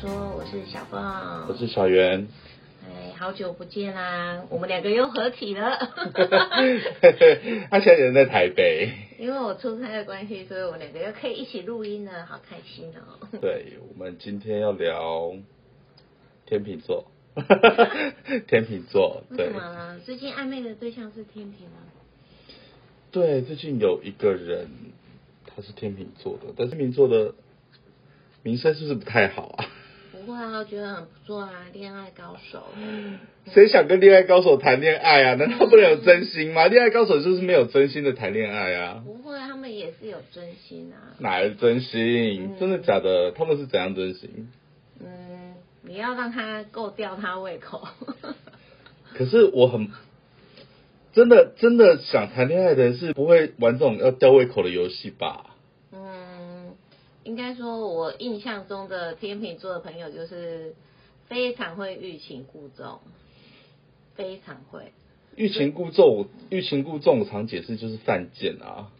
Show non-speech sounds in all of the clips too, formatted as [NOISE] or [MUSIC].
說我是小鳳，我是小圓，哎，好久不見啦，我們兩個又合體了。而 [LAUGHS] 且、 [LAUGHS] 啊、人在台北，因為我出差的關係，所以我兩個又可以一起錄音了，好開心哦。對，我們今天要聊天秤座， [LAUGHS] 天秤座，為什麼呢？最近曖昧的對象是天秤啊？對，最近有一個人，他是天秤座的，但是天秤座的名聲是不是不太好啊？大家覺得很不錯啊，《戀愛高手》嗯。誰想跟戀愛高手談戀愛啊？嗯、難道不能有真心嗎？戀、嗯、愛高手就是沒有真心的談戀愛啊？不會，他們也是有真心啊。哪有真心？嗯、真的假的？他們是怎樣真心？嗯，你要讓他夠吊他胃口。 [LAUGHS] 可是我很真的真的想談戀愛的人，是不會玩這種要吊胃口的遊戲吧？應該說，我印象中的天秤座的朋友就是非常會欲擒故縱，非常會。欲擒故縱，欲擒故縱，我常解釋就是犯賤啊。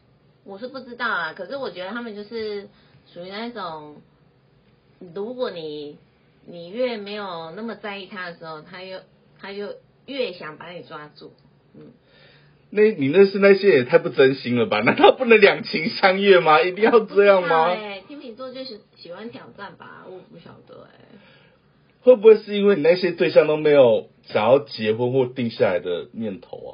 我是不知道啊，可是我覺得他們就是屬於那種，如果你你越沒有那麼在意他的時候，他又他就越想把你抓住，嗯。那你認識那些也太不真心了吧？難道不能兩情相悅嗎？一定要這樣嗎？欸，天秤座就是喜歡挑戰吧，我不曉得欸。會不會是因為你那些對象都沒有想要結婚或定下來的念頭啊？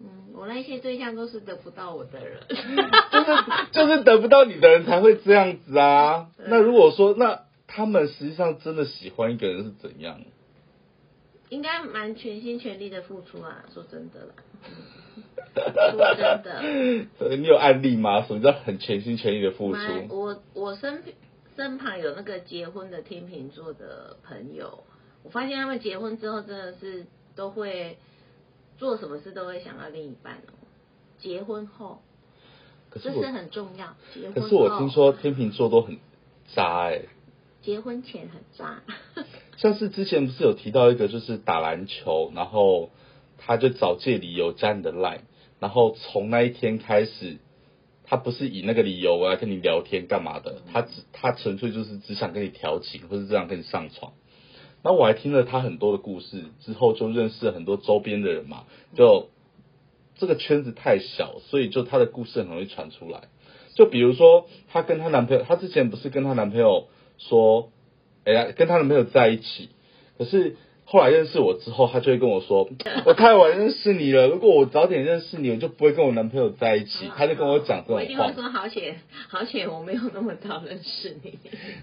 嗯，我那些對象都是得不到我的人。 [LAUGHS] 就是就是得不到你的人才會這樣子啊！對那如果說，那他們實際上真的喜歡一個人是怎樣？應該蠻全心全力的付出啊！說真的啦。 [LAUGHS] 說真的，你有案例嗎？什麼叫很全心全意的付出？我我身身旁有那個結婚的天秤座的朋友，我發現他們結婚之後真的是都會做什麼事都會想到另一半哦。結婚後，可是這是很重要。結婚後可是我聽說天秤座都很渣哎、欸。結婚前很渣。 [LAUGHS] 像是之前不是有提到一個，就是打籃球，然後他就找借理由加你的賴。然後從那一天開始，他不是以那個理由來跟你聊天幹嘛的，他只他純粹就是只想跟你調情，或是只想跟你上床。那我還聽了他很多的故事，之後就認識了很多周邊的人嘛，就這個圈子太小，所以就他的故事很容易傳出來。就比如說，她跟她男朋友，她之前不是跟她男朋友說，哎呀，跟她男朋友在一起，可是。後來認識我之後，她就會跟我說：“我太晚認識你了，如果我早點認識你，我就不會跟我男朋友在一起。”她就跟我講這種話。好好我一定會說好險，好險我沒有那麼早認識你。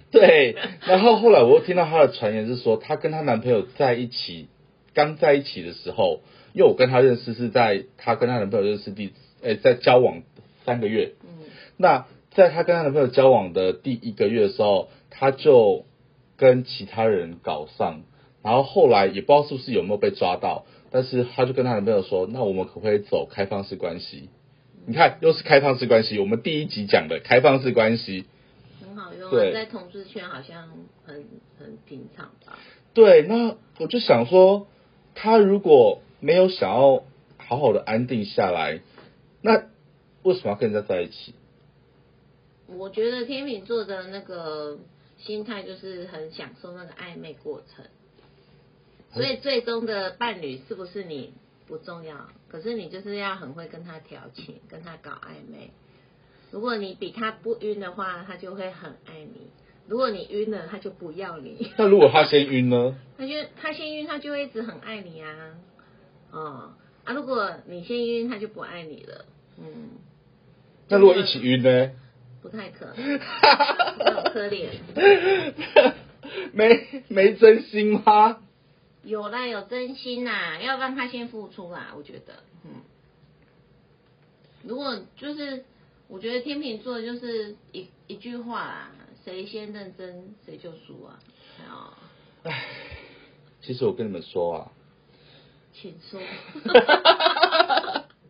對。然後後來我又聽到她的傳言是說，她跟她男朋友在一起，剛在一起的時候，因為我跟她認識是在她跟她男朋友認識第，哎，在交往三個月。那在她跟她男朋友交往的第一個月的時候，她就跟其他人搞上。然後後來也不知道是不是有沒有被抓到，但是他就跟他男朋友說：“那我們可不可以走開放式關係？你看，又是開放式關係。我們第一集講的開放式關係，很好用，啊，對在同志圈好像很很平常吧？對，那我就想說，他如果沒有想要好好的安定下來，那為什麼要跟人家在一起？我覺得天秤座的那個心態就是很享受那個曖昧過程。”所以最，最終的伴侶是不是你不重要？可是你就是要很會跟他調情，跟他搞曖昧。如果你比他不暈的話，他就會很愛你；如果你暈了，他就不要你。那如果他先暈呢？他就他先暈，他就會一直很愛你啊、嗯、啊，如果你先暈，他就不愛你了。嗯。那如果一起暈呢？不太可能。好 [LAUGHS] 可憐。 [LAUGHS] [LAUGHS] 沒沒真心嗎？有啦，有真心啦、啊，要讓他先付出啦、啊，我覺得、嗯，如果就是，我覺得天秤座就是一一句話啦，誰先認真誰就輸啊、嗯，唉，其實我跟你們說啊，請說。 [LAUGHS]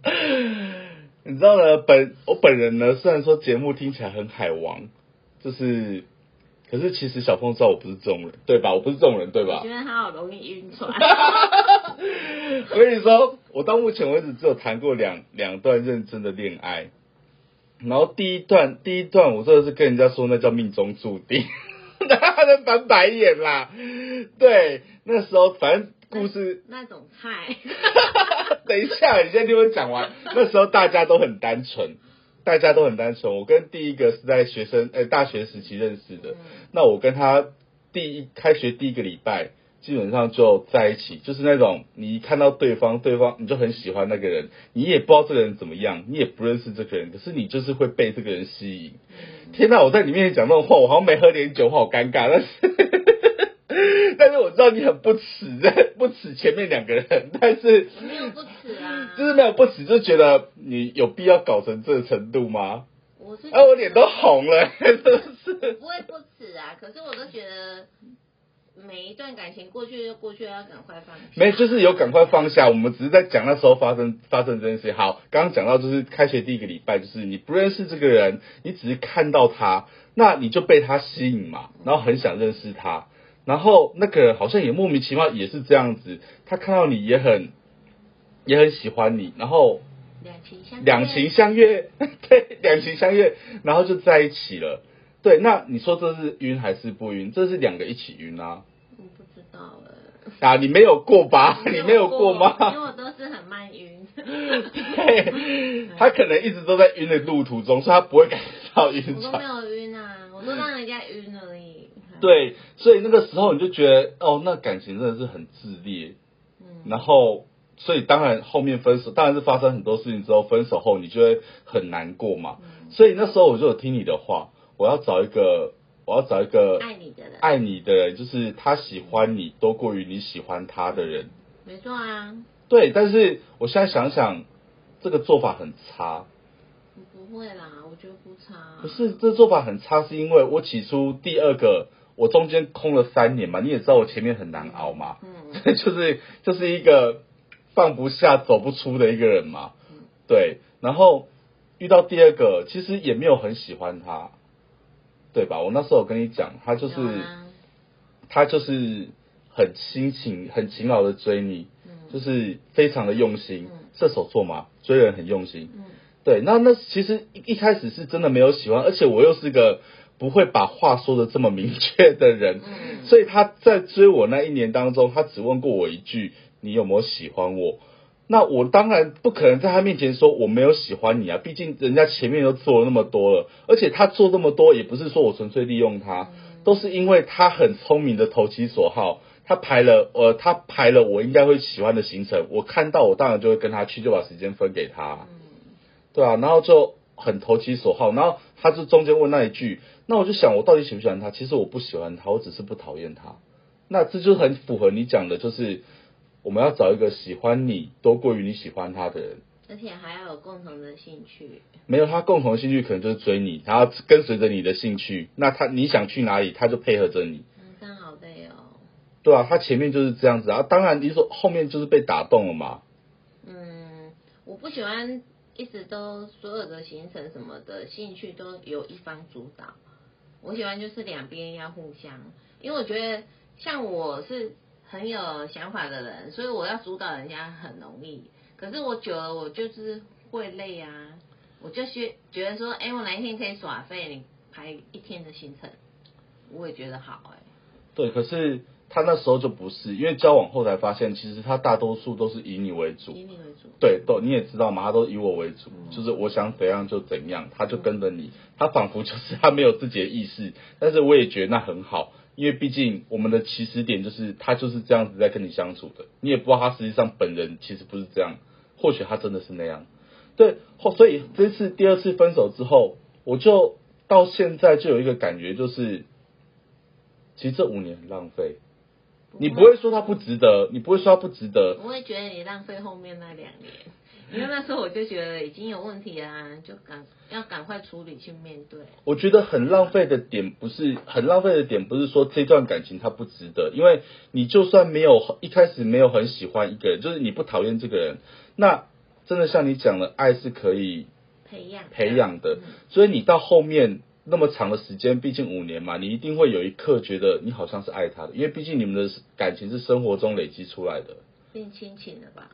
[LAUGHS] 你知道呢，本我本人呢，雖然說節目聽起來很海王，就是。可是其實小鳳知道我不是這種人，對吧？我不是這種人，對吧？我覺得他好容易暈船。 [LAUGHS] [LAUGHS] 我跟你說，我到目前為止只有談過兩兩段認真的戀愛。然後第一段，第一段我真的是跟人家說那叫命中注定，哈 [LAUGHS] 他能翻白眼啦。對，那時候反正故事那，那種菜 [LAUGHS] [LAUGHS] 等一下，你先聽我講完。 [LAUGHS] 那時候大家都很單純。大家都很單純，我跟第一個是在學生呃、欸，大學時期認識的。那我跟他第一開學第一個禮拜，基本上就在一起，就是那種你一看到對方，對方你就很喜歡那個人，你也不知道這個人怎麼樣，你也不認識這個人，可是你就是會被這個人吸引。天吶、啊，我在你面前講那種話，我好像沒喝點酒，好，好尷尬。但是。 [LAUGHS] [LAUGHS] 但是我知道你很不齒，不齒前面兩個人，但是沒有不齒啊、就是，就是沒有不齒，就覺得你有必要搞成這個程度嗎？我是，啊，我臉都紅了、欸，真的是不會不齒啊。可是我都覺得每一段感情過去就過去，要趕快放下。沒，就是有趕快放下。我們只是在講那時候發生發生這件事。好，剛剛講到就是開學第一個禮拜，就是你不認識這個人，你只是看到他，那你就被他吸引嘛，然後很想認識他。然後那個好像也莫名其妙也是這樣子，他看到你也很，也很喜歡你，然後兩情相悅兩情相悅，對，兩情相悅，然後就在一起了。對，那你說這是暈還是不暈？這是兩個一起暈啊。我不知道了。啊，你沒有過吧？沒有過，你沒有過嗎？因為我都是很慢暈。 [LAUGHS] 對，他可能一直都在暈的路途中，所以他不會感到暈船。我都沒有暈啊，我都讓人家暈而已。對，所以那個時候你就覺得哦，那感情真的是很熾烈，嗯、然後所以當然後面分手，當然是發生很多事情之後分手後，你就會很難過嘛。嗯、所以那時候我就有聽你的話，我要找一個，我要找一個愛你的人，愛你的人就是他喜歡你多過於你喜歡他的人，沒錯啊。對，但是我現在想想，這個做法很差。不會啦，我覺得不差。不是，這個、做法很差，是因為我起初第二個。我中間空了三年嘛，你也知道我前面很難熬嘛，嗯， [LAUGHS] 就是就是一個放不下、走不出的一個人嘛，嗯、對。然後遇到第二個，其實也沒有很喜歡他，對吧？我那時候跟你講，他就是、啊、他就是很辛勤、很勤勞的追你，嗯、就是非常的用心。嗯、射手座嘛，追人很用心，嗯、對。那那其實一一開始是真的沒有喜歡，而且我又是個不會把話說得這麼明確的人，嗯、所以他在追我那一年當中，他只問過我一句：“你有沒有喜歡我？”那我當然不可能在他面前說我沒有喜歡你啊！畢竟人家前面都做了那麼多了，而且他做那麼多也不是說我純粹利用他，嗯、都是因為他很聰明的投其所好。他排了，呃，他排了我應該會喜歡的行程，我看到我當然就會跟他去，就把時間分給他。嗯、對啊，然後就很投其所好，然後他就中間問那一句。那我就想，我到底喜不喜歡他？其實我不喜歡他，我只是不討厭他。那這就很符合你講的，就是我們要找一個喜歡你多過於你喜歡他的人，而且還要有共同的興趣。沒有他共同的興趣，可能就是追你，他跟隨着你的興趣。那他你想去哪裡，他就配合着你。嗯，好累哦。對啊，他前面就是這樣子啊。當然你說後面就是被打動了嘛。嗯，我不喜歡一直都所有的行程什麼的興趣都由一方主導。我喜歡就是兩邊要互相，因為我覺得像我是很有想法的人，所以我要主導人家很容易。可是我久了我就是會累啊，我就覺覺得說，欸，我哪一天可以耍廢，你排一天的行程，我也覺得好欸。對，可是。他那時候就不是，因為交往後才發現，其實他大多數都是以你為主，以你為主，對，都你也知道嘛，他都以我為主，嗯、就是我想怎樣就怎樣，他就跟着你，嗯、他仿佛就是他沒有自己的意識，但是我也覺得那很好，因為畢竟我們的起始點就是他就是這樣子在跟你相處的，你也不知道他實際上本人其實不是這樣，或許他真的是那樣，對，後所以這次第二次分手之後，我就到現在就有一個感覺，就是其實這五年很浪費。不你不會說他不值得，你不會說他不值得。我會覺得你浪費後面那兩年，因為那時候我就覺得已經有問題了、啊，就趕要趕快處理去面對。我覺得很浪費的點，不是很浪費的點，不是說這段感情它不值得，因為你就算沒有一開始沒有很喜歡一個人，就是你不討厭這個人，那真的像你講的，愛是可以培養培養的，嗯、所以你到後面。那麼長的時間，畢竟五年嘛，你一定會有一刻覺得你好像是愛他的，因為畢竟你們的感情是生活中累積出來的，變親情了吧？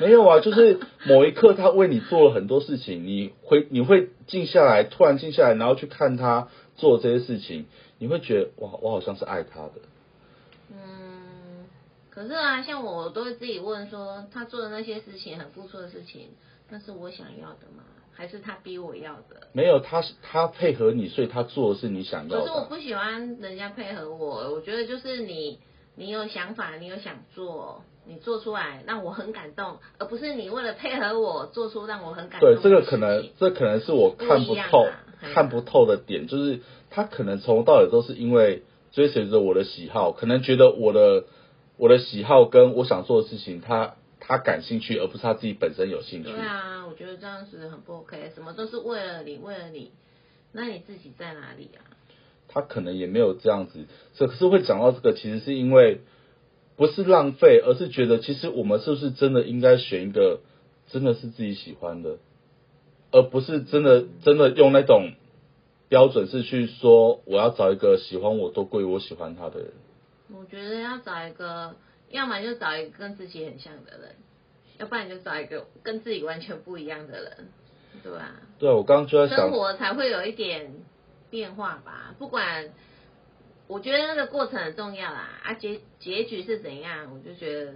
沒有啊，就是某一刻他為你做了很多事情， [LAUGHS] 你會你會靜下來，突然靜下來，然後去看他做這些事情，你會覺得哇，我好像是愛他的。嗯，可是啊，像我都會自己問說，他做的那些事情，很付出的事情，那是我想要的嗎？還是他逼我要的？沒有，他是他配合你，所以他做的是你想要的。可是我不喜歡人家配合我，我覺得就是你，你有想法，你有想做，你做出來讓我很感動，而不是你為了配合我做出讓我很感動。對，這個可能這可能是我看不透、不啊、看不透的點，啊、就是他可能從頭到尾都是因為追隨着我的喜好，可能覺得我的我的喜好跟我想做的事情，他。他感興趣，而不是他自己本身有興趣。對啊，我覺得這樣子很不 OK，什麼都是為了你，為了你，那你自己在哪裡啊？他可能也沒有這樣子，這可是會講到這個，其實是因為不是浪費，而是覺得其實我們是不是真的應該選一個真的是自己喜歡的，而不是真的真的用那種標準是去說我要找一個喜歡我多過於我喜歡他的人。我覺得要找一個。要麼就找一個跟自己很像的人，要不然就找一個跟自己完全不一樣的人，對吧？對，我剛剛就在想，生活才會有一點變化吧。不管，我覺得那個過程很重要啦，啊。啊結結局是怎樣？我就覺得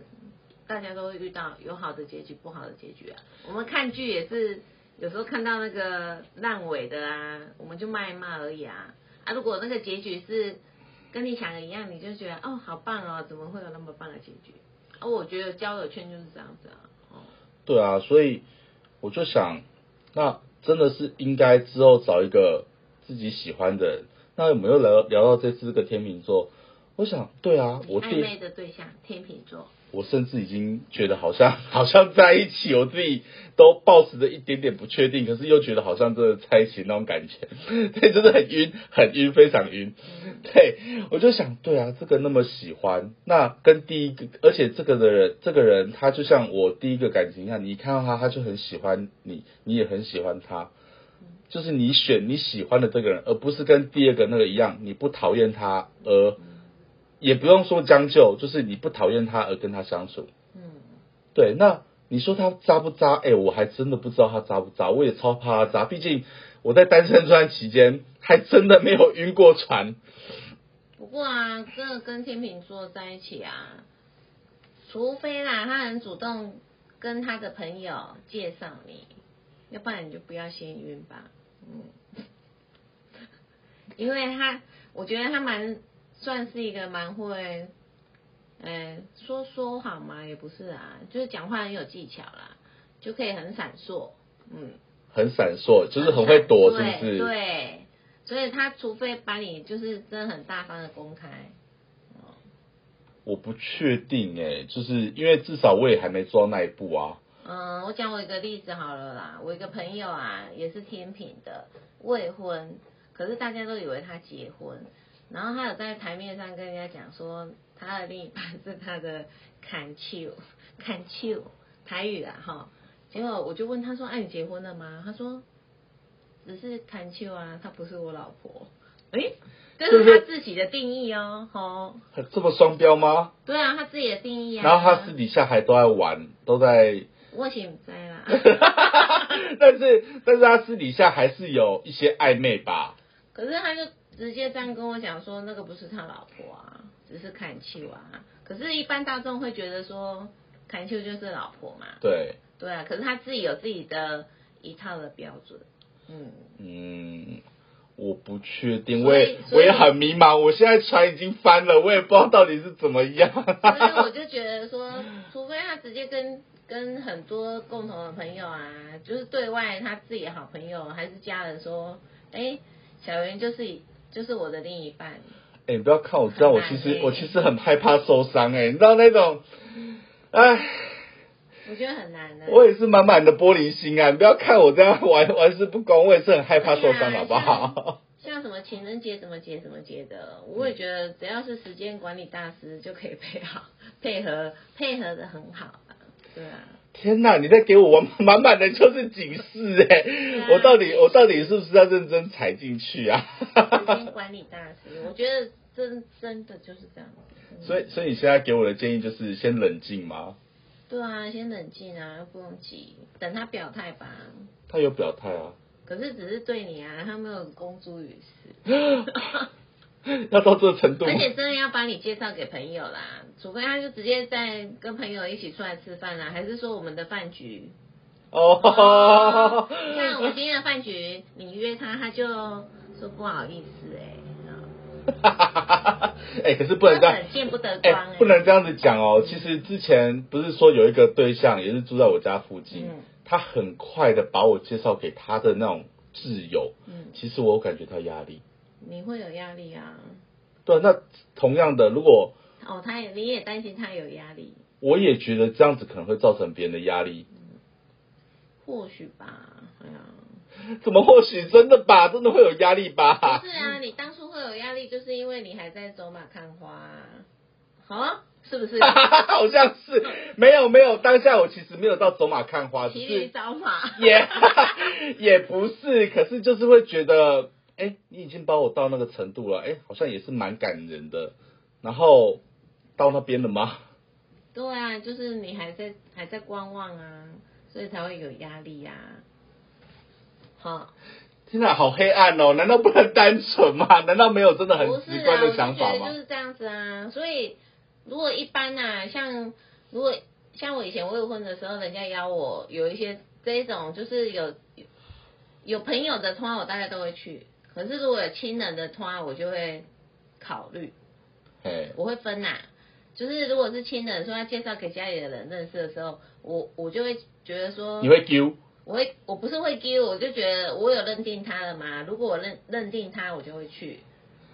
大家都會遇到有好的結局，不好的結局啊。我們看劇也是，有時候看到那個爛尾的啊，我們就罵一罵而已啊。啊，如果那個結局是。跟你想的一樣，你就覺得哦，好棒哦，怎麼會有那麼棒的結局？哦，我覺得交友圈就是這樣子啊。哦、嗯，對啊，所以我就想，那真的是應該之後找一個自己喜歡的人。那有沒有聊聊到這次這個天秤座？我想，對啊，我曖昧的對象天秤座。我甚至已經覺得好像好像在一起，我自己都抱持着一點點不確定，可是又覺得好像真的在一起那種感覺， [LAUGHS] 對，真的很暈，很暈，非常暈。對，我就想，對啊，這個那麼喜歡，那跟第一個，而且這個的人，這個人他就像我第一個感情一樣，你一看到他，他就很喜歡你，你也很喜歡他，就是你選你喜歡的這個人，而不是跟第二個那個一樣，你不討厭他而。也不用說將就，就是你不討厭他而跟他相處。嗯、對，那你說他渣不渣？哎、欸，我還真的不知道他渣不渣，我也超怕他渣。畢竟我在單身這段期間還真的沒有暈過船。不過啊，這個跟天秤座在一起啊，除非啦他很主動跟他的朋友介紹你，要不然你就不要先暈吧。嗯、 [LAUGHS] 因為他我覺得他蠻。算是一個蠻會，欸，說說好嗎？也不是啊，就是講話很有技巧啦，就可以很閃爍，嗯，很閃爍，就是很會躲，很閃，是不是？對，對，所以他除非把你就是真的很大方的公開，我不確定哎，就是因為至少我也還沒做到那一步啊。嗯，我講我一個例子好了啦，我一個朋友啊，也是天秤的，未婚，可是大家都以為他結婚。然後他有在台面上跟人家講說，他的另一半是他的牽手，牽手，台語的、啊、哈、啊。結果我就問他說，哎，你結婚了嗎？他說只是牽手啊，他不是我老婆。哎，這是他自己的定義哦。好，這麼雙標嗎、哦？對啊，他自己的定義啊。然後他私底下還都在玩，都在。我是不在啦 [LAUGHS] 但是，但是他私底下還是有一些曖昧吧。可是，他就。直接這樣跟我講說，那個不是他老婆啊，只是闞丘啊。可是，一般大眾會覺得說，闞丘就是老婆嘛。對，對啊。可是他自己有自己的一套的標準。嗯嗯，我不確定，以我也我也很迷茫。以我現在船已經翻了，我也不知道到底是怎麼樣。所以我就覺得說， [LAUGHS] 除非他直接跟跟很多共同的朋友啊，就是對外他自己的好朋友還是家人說，哎、欸，小圓就是。就是我的另一半。哎、欸，你不要看，我知道，我其實我其實很害怕受傷，哎，你知道那種，哎。我覺得很難的。我也是滿滿的玻璃心啊！你不要看我這樣玩玩世不恭，我也是很害怕受傷，啊、好不好？像、像什麼情人節、什麼節、什麼節的，我也覺得只要是時間管理大師就可以配好配合配合得很好啊，對啊。天哪，你在給我滿滿的就是警示哎！ [LAUGHS] 啊、我到底我到底是不是要認真踩進去啊？哈，時間管理大師，我覺得真真的就是這樣。所以所以你現在給我的建議就是先冷靜嗎？對啊，先冷靜啊，不用急，等他表態吧。他有表態啊，可是只是對你啊，他沒有公諸於世。 [LAUGHS] 要到這個程度，而且真的要把你介紹給朋友啦， [LAUGHS] 除非他就直接在跟朋友一起出來吃飯啦、啊，還是說我們的飯局？哦，那我們今天的飯局，你約他，他就說不好意思、欸，哎，哈哈哈哎，可是不能這樣，見不得光，哎，不能這樣子講哦、喔。其實之前不是說有一個對象也是住在我家附近，嗯、他很快的把我介紹給他的那種摯友，嗯，其實我有感覺到壓力。你會有壓力啊？對，那同樣的，如果哦，他也，你也擔心他有壓力，我也覺得這樣子可能會造成別人的壓力。嗯、或許吧，哎、嗯、呀，怎麼或許真的吧？真的會有壓力吧？不是啊，你當初會有壓力，就是因為你還在走馬看花啊，啊是不是？ [LAUGHS] 好像是，沒有沒有，當下我其實沒有到走馬看花，騎驢找馬，也 [LAUGHS] [LAUGHS] 也不是，可是就是會覺得。哎、欸，你已經把我到那個程度了，哎、欸，好像也是蠻感人的。然後到那邊了嗎？對啊，就是你還在還在觀望啊，所以才會有壓力呀、啊。好，天哪，好黑暗哦！難道不能單純嗎？難道沒有真的很奇怪的想法嗎？不是啊、就，就是這樣子啊。所以如果一般吶、啊，像如果像我以前未婚的時候，人家邀我有一些這種，就是有有朋友的，通常我大概都會去。可是如果有親人的話，我就會考慮。嘿我會分吶、啊，就是如果是親人說要介紹給家裡的人認識的時候，我我就會覺得說你會丟？我會，我不是會丟，我就覺得我有認定他了嘛。如果我認認定他，我就會去；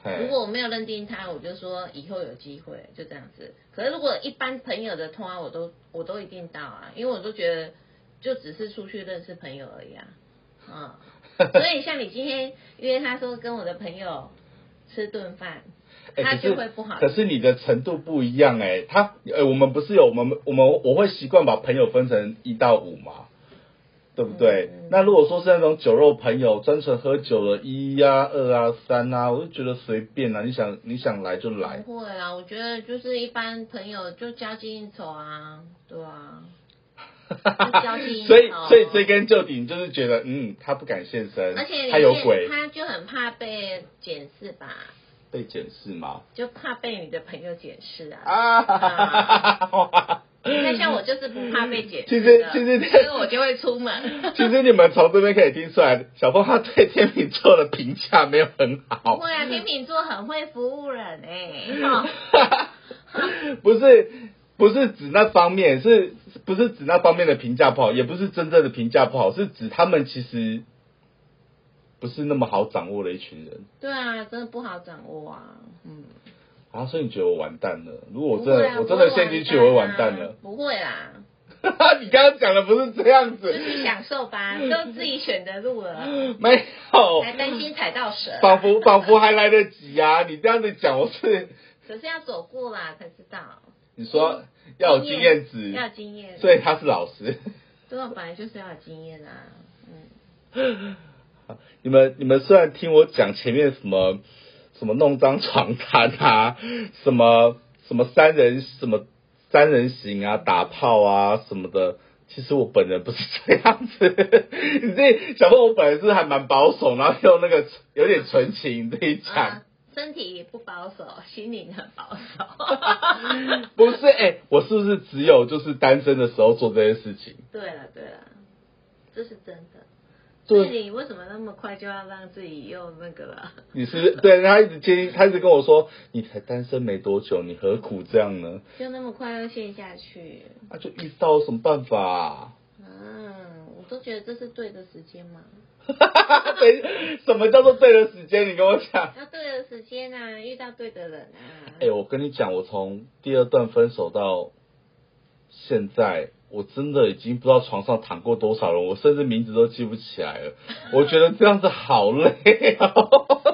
嘿如果我沒有認定他，我就說以後有機會，就這樣子。可是如果一般朋友的通話，我都我都一定到啊，因為我都覺得就只是出去認識朋友而已啊，嗯。 [LAUGHS] 所以像你今天約他說跟我的朋友吃頓飯，欸、他就會不好吃可。可是你的程度不一樣哎、欸，他哎、欸，我們不是有我們我們我會習慣把朋友分成一到五嘛，對不對？嗯、那如果說是那種酒肉朋友，專程喝酒的一啊二啊三啊，我就覺得隨便啊。你想你想來就來。不會啊，我覺得就是一般朋友就交際應酬啊，對啊。 [LAUGHS] 所以所以追根究底，你就是覺得嗯，他不敢現身，而且他有鬼，他就很怕被檢視吧？被檢視嗎？就怕被你的朋友檢視啊！那像我就是不怕被檢視， [LAUGHS] 其其實其實我就會出門。 [LAUGHS] 其實你們從這邊可以聽出來，小峰他對天秤座的評價沒有很好。對啊，天秤座很會服務人哎。不是。不是指那方面，是不是指那方面的評價不好？也不是真正的評價不好，是指他們其實不是那麼好掌握的一群人。對啊，真的不好掌握啊。嗯。啊，所以你覺得我完蛋了？如果我真的會我真的陷進去，我會完蛋了？不會啦。哈哈，你剛剛講的不是這樣子。自己享受吧， [LAUGHS] 都自己選的路了。 [LAUGHS] 沒有。還擔心踩到蛇？仿佛仿佛還來得及啊！ [LAUGHS] 你這樣子講，我是可是要走過啦，才知道。你說要有經驗值，要經驗，對，他是老師。我本來就是要有經驗啊，嗯。你們你們雖然聽我講前面什麼什麼弄髒床單啊，什麼什麼三人什麼三人行啊，打炮啊什麼的，其實我本人不是這樣子。呵呵，你這小妹，我本人是，是還蠻保守，然後又那個有點純情，你這一講。身體不保守，心靈很保守。 [LAUGHS] [LAUGHS] 不是哎、欸，我是不是只有就是單身的時候做這些事情？對了對了，這是真的。那你對為什麼那麼快就要讓自己又那個了？你是，不是對他一直接，他一直跟我說， [LAUGHS] 你才單身沒多久，你何苦這樣呢？就那麼快要陷下去？那、啊、就遇到什麼辦法、啊？嗯。我都覺得這是對的時間嗎？ [LAUGHS] 對，什麼叫做對的時間？你跟我講。要對的時間啊，遇到對的人啊。哎、欸，我跟你講，我從第二段分手到現在，我真的已經不知道床上躺過多少人，我甚至名字都記不起來了。我覺得這樣子好累哦。 [LAUGHS]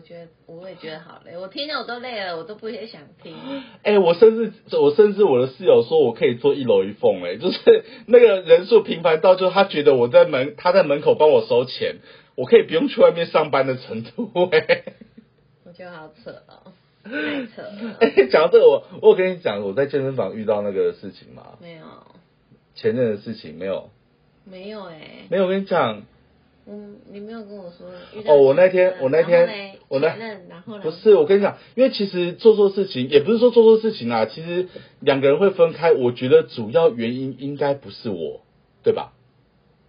我覺得我，我也覺得好累，我聽得我都累了，我都不會想聽。哎、欸，我甚至我甚至我的室友說，我可以做一樓一鳳，哎，就是那個人數頻繁到就他覺得我在門，他在門口幫我收錢，我可以不用去外面上班的程度、欸，哎。我覺得好扯哦、喔，太扯了。哎、欸，講到這個，我我跟你講，我在健身房遇到那個事情嗎，沒有前任的事情，沒有，沒有哎、欸，沒有，我跟你講，嗯，你沒有跟我說。哦，我那天，我那天。我呢？嗯、然後然後不是，我跟你講，因為其實做錯事情也不是說做錯事情啦、啊，其實兩個人會分開，我覺得主要原因應該不是我，對吧？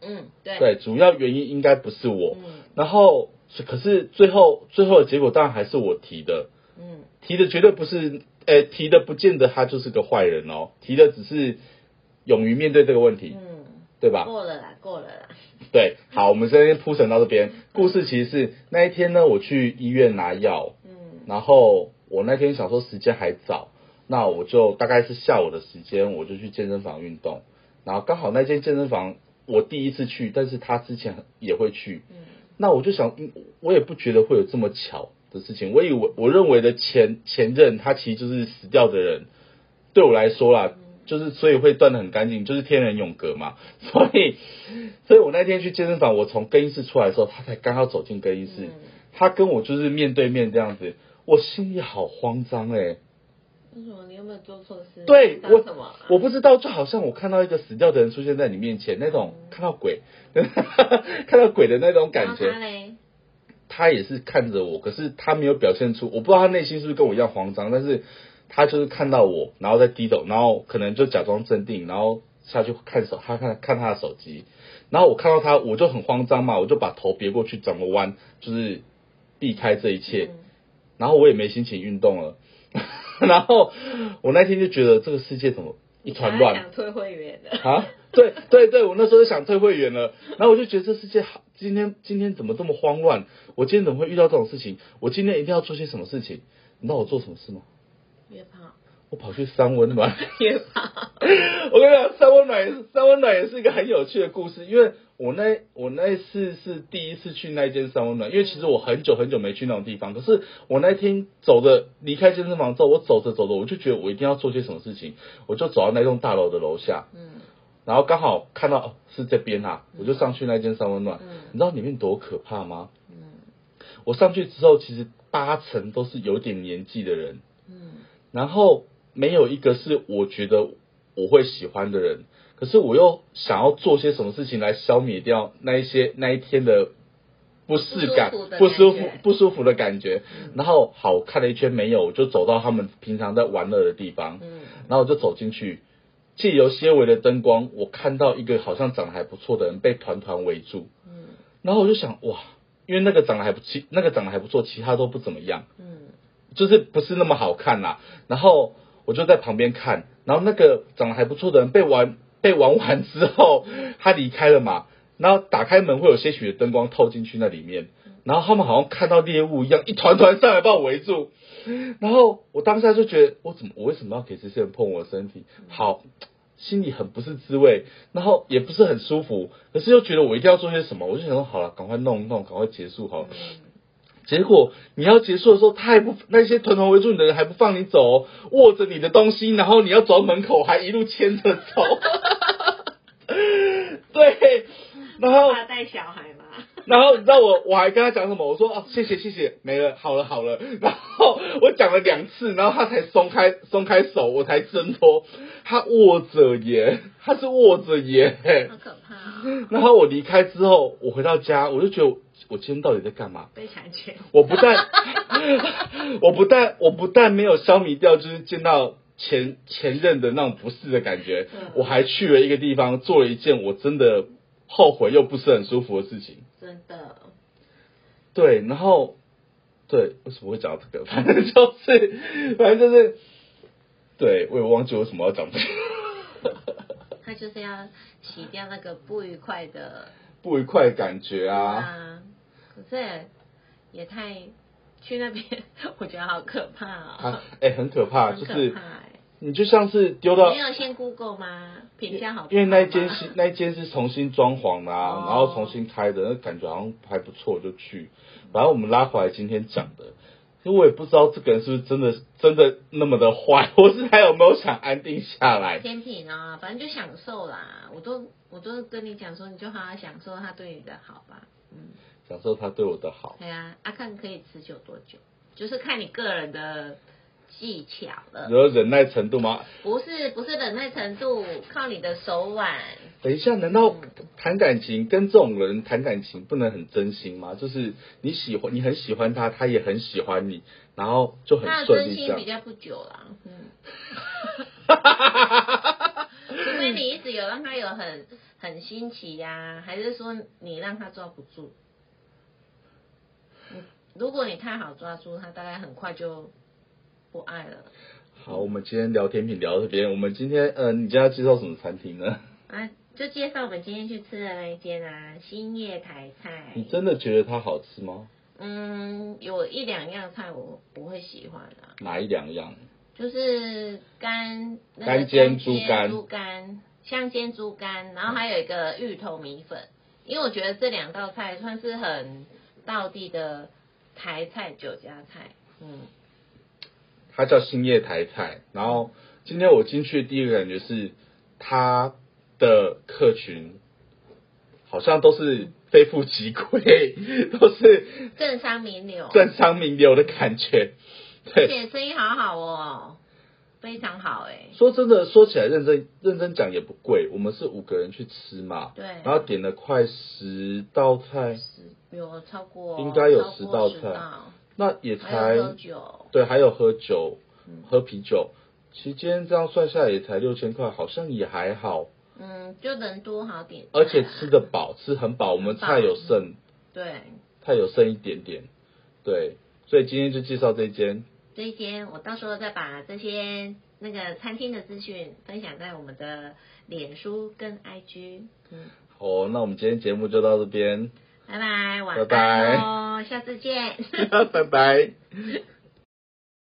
嗯，對。對，主要原因應該不是我。嗯、然後，可是最後最後的結果當然還是我提的。嗯。提的絕對不是，誒、欸，提的不見得他就是個壞人哦，提的只是勇於面對這個問題。嗯。對吧？過了啦，過了啦。對，好，我們這邊鋪陳到這邊。嗯、故事其實是那一天呢，我去醫院拿藥，嗯，然後我那天想說時間還早，那我就大概是下午的時間，我就去健身房運動。然後剛好那間健身房我第一次去，但是他之前也會去，嗯，那我就想，我也不覺得會有這麼巧的事情，我以為我認為的前前任他其實就是死掉的人，對我來說啦。嗯就是所以會斷得很乾淨，就是天人永隔嘛。所以，所以我那天去健身房，我從更衣室出來的時候，他才剛好走進更衣室。他跟我就是面對面這樣子，我心裡好慌張誒、欸。為什麼你有沒有做錯事？對什麼、啊、我，我不知道，就好像我看到一個死掉的人出現在你面前那種，看到鬼，嗯、 [LAUGHS] 看到鬼的那種感覺。他，他也是看着我，可是他沒有表現出，我不知道他內心是不是跟我一樣慌張，但是。他就是看到我，然後在低頭，然後可能就假裝鎮定，然後下去看手，他看看他的手機，然後我看到他，我就很慌張嘛，我就把頭別過去，轉個彎，就是避開這一切，嗯、然後我也沒心情運動了， [LAUGHS] 然後我那天就覺得這個世界怎麼一團亂，想退會員的啊？對對對，我那時候就想退會員了， [LAUGHS] 然後我就覺得這世界好，今天今天怎麼這麼慌亂？我今天怎麼會遇到這種事情？我今天一定要做些什麼事情？你知道我做什麼事嗎？別怕，我跑去三溫暖。別怕， [LAUGHS] 我跟你講，三溫暖三溫暖也是一個很有趣的故事，因為我那我那一次是第一次去那一間三溫暖，因為其實我很久很久沒去那種地方。可是我那天走着離開健身房之後，我走着走着，我就覺得我一定要做些什麼事情，我就走到那棟大樓的樓下，嗯，然後剛好看到，哦，是這邊哈，啊，我就上去那一間三溫暖。嗯，你知道裡面多可怕嗎？嗯，我上去之後，其實八成都是有點年紀的人。然後沒有一個是我覺得我會喜歡的人，可是我又想要做些什麼事情來消滅掉那一些那一天的不適感，不舒，不舒服，不舒服的感覺。嗯，然後好，我看了一圈沒有，我就走到他們平常在玩樂的地方。嗯，然後我就走進去，借由些微的燈光，我看到一個好像長得還不錯的人被團團圍住。嗯，然後我就想，哇，因為那個長得還不其那個長得還不錯，其他都不怎麼樣。就是不是那麼好看啦、啊，然後我就在旁邊看，然後那個長得還不錯的人被玩被玩完之後，他離開了嘛，然後打開門會有些許的燈光透進去那裡面，然後他們好像看到獵物一樣，一團團上來把我圍住，然後我當下就覺得我怎麼我為什麼要給這些人碰我的身體，好心裡很不是滋味，然後也不是很舒服，可是又覺得我一定要做些什麼，我就想說好了，趕快弄一弄，趕快結束好了。結果你要結束的時候，他還不那些團團圍住你的人還不放你走、哦，握着你的東西，然後你要走到門口還一路牽着走，哈哈哈哈哈對，然後他帶小孩嘛。 [LAUGHS] 然後你知道我我還跟他講什麼？我說啊，謝謝謝謝，沒了，好了好了。然後我講了兩次，然後他才鬆開鬆開手，我才掙脫。他握着耶，他是握着耶，好可怕、哦。然後我離開之後，我回到家，我就覺得。我今天到底在幹嘛？被強姦！我不但， [LAUGHS] 我不但，我不但沒有消弭掉，就是見到前前任的那種不適的感覺，對我還去了一個地方，做了一件我真的後悔又不是很舒服的事情。真的。對，然後，對，為什麼會講這個？反正就是，反正就是，對，我也忘記為什麼要講這個。他就是要洗掉那個不愉快的不愉快的感覺啊。啊是，也太去那邊，我覺得好可怕、哦、啊！哎、欸，很可怕，可怕就是，你就像是丟到你沒有先 Google 嗎？評價好，因為那一間是嗎那一間是重新裝潢啦、啊，然後重新開的，哦、那感覺好像還不錯，就去。反正我們拉回來今天講的，因為我也不知道這個人是不是真的真的那麼的壞，或、嗯、 [LAUGHS] 是他有沒有想安定下來。天秤啊，反正就享受啦，我都我都跟你講說，你就好好享受他對你的好吧，嗯。享受他對我的好。對啊，阿康可以持久多久？就是看你個人的技巧了。有忍耐程度嗎？不是，不是忍耐程度，靠你的手腕。等一下，難道談感情、嗯、跟這種人談感情不能很真心嗎？就是你喜歡，你很喜歡他，他也很喜歡你，然後就很順利。他的真心比較不久啦，嗯。哈哈哈哈哈！哈，因為你一直有讓他有很很新奇呀、啊，還是說你讓他抓不住？如果你太好抓住他，大概很快就不愛了。好，我們今天聊甜品聊到這邊。我們今天呃，你家要介紹什麼餐廳呢？啊，就介紹我們今天去吃的那一間啊，欣葉台菜。你真的覺得它好吃嗎？嗯，有一兩樣菜我不會喜歡啊。哪一兩樣？就是干乾煎豬肝、豬、那、肝、個、香煎豬肝，然後還有一個芋頭米粉。嗯、因為我覺得這兩道菜算是很道地的。台菜酒家菜，嗯，他叫欣葉台菜。然後今天我進去的第一個感覺是，他的客群好像都是非富即貴，都是政商名流，政商名流的感覺。對，而且生意好好哦。非常好哎、欸，說真的，說起來認真認真講也不貴，我們是五個人去吃嘛，對，然後點了快十道菜，有超過應該有十道菜，道那也才還有喝酒，對，還有喝酒、嗯、喝啤酒，期間這樣算下來也才六千塊，好像也還好，嗯，就能多好點、啊，而且吃得飽，吃很飽，很飽我們菜有剩，嗯、對，菜有剩一點點，對，所以今天就介紹這間。這一天我到時候再把這些那個餐廳的資訊分享在我們的臉書跟 IG。嗯，好，oh, 那我們今天節目就到這邊，拜拜，晚安，哦，拜拜，下次見， [LAUGHS] 拜拜。